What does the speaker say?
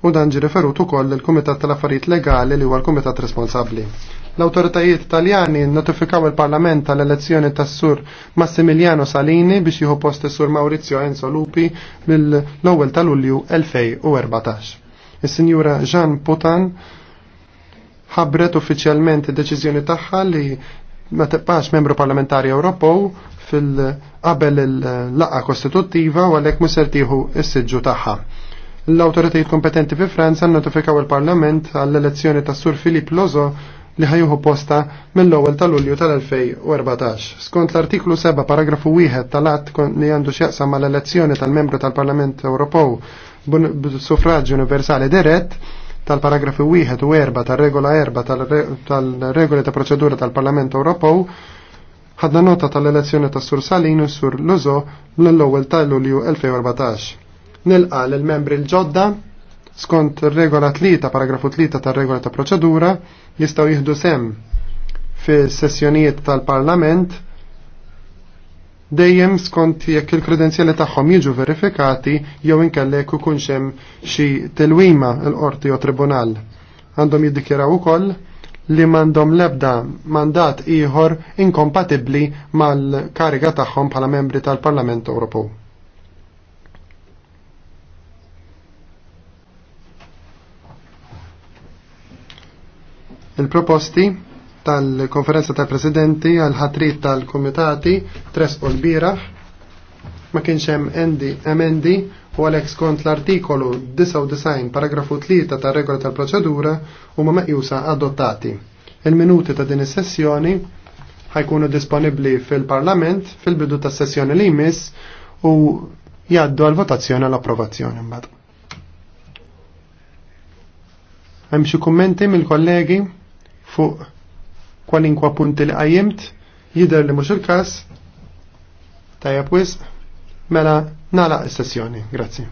u dan ġi referut ukoll il-Kumitat tal-Affarijiet Legali li huwa l-Kumitat responsabbli. L-awtoritajiet Taljani notifikaw il-Parlament tal-elezzjoni tas-Sur Massimiliano Salini biex jieħu post is-Sur Maurizio Enzo Lupi mill-ewwel ta' Lulju 2014. Is-Sinjura Jean Potan ħabret uffiċjalment id-deċiżjoni tagħha li ma tibqax membru parlamentari Ewropew fil-qabel il-laqa kostituttiva u għalhekk muser is s-siġġu tagħha. L-autoritajiet kompetenti fi Franza notifikaw il-Parlament għall-elezzjoni ta' Sur Filip Lozo li ħajuħu posta mill-ewwel ta' Lulju tal-2014. Skont l-artiklu 7 paragrafu 1 tal-att li għandu x'jaqsam mal-elezzjoni tal-membru tal-Parlament Ewropew b'suffraġġ universali dirett, tal-paragrafi 1 u 4 tal-regola 4 tal-regoli ta' proċedura tal-Parlament Ewropew ħadna nota tal-elezzjoni ta' Sur Salin u Sur Lozo l-ewwel ta' Lulju 2014 nilqa l-membri l-ġodda skont regola 3 paragrafu 3 ta' regola ta' proċedura jistaw jihdu sem fi sessjonijiet tal-parlament dejjem skont jekk il-kredenzjali tagħhom jiġu verifikati jew inkellek ikun hemm xi tilwima l-qorti jew tribunal. Għandhom jiddikjaraw ukoll li m'għandhom lebda mandat ieħor inkompatibbli mal-kariga tagħhom bħala membri tal-Parlament Ewropew. Il-proposti tal-konferenza tal-presidenti għal-ħatrit tal-komitati tres u l bira ma kienx hemm endi emendi u għalhekk skont l-artikolu 99 paragrafu 3 tar-regola tal-proċedura huma meqjusa adottati. Il-minuti ta' din is-sessjoni ħajkunu disponibbli fil-Parlament fil-bidu tas-sessjoni li jmiss u jgħaddu għal votazzjoni għal approvazzjoni mbagħad. Hemm xi kummenti mill-kollegi? fuq kwalinkwa punti li qajjimt jidher li mux il kas tajab wisq mela nala is-sessjoni. Grazie.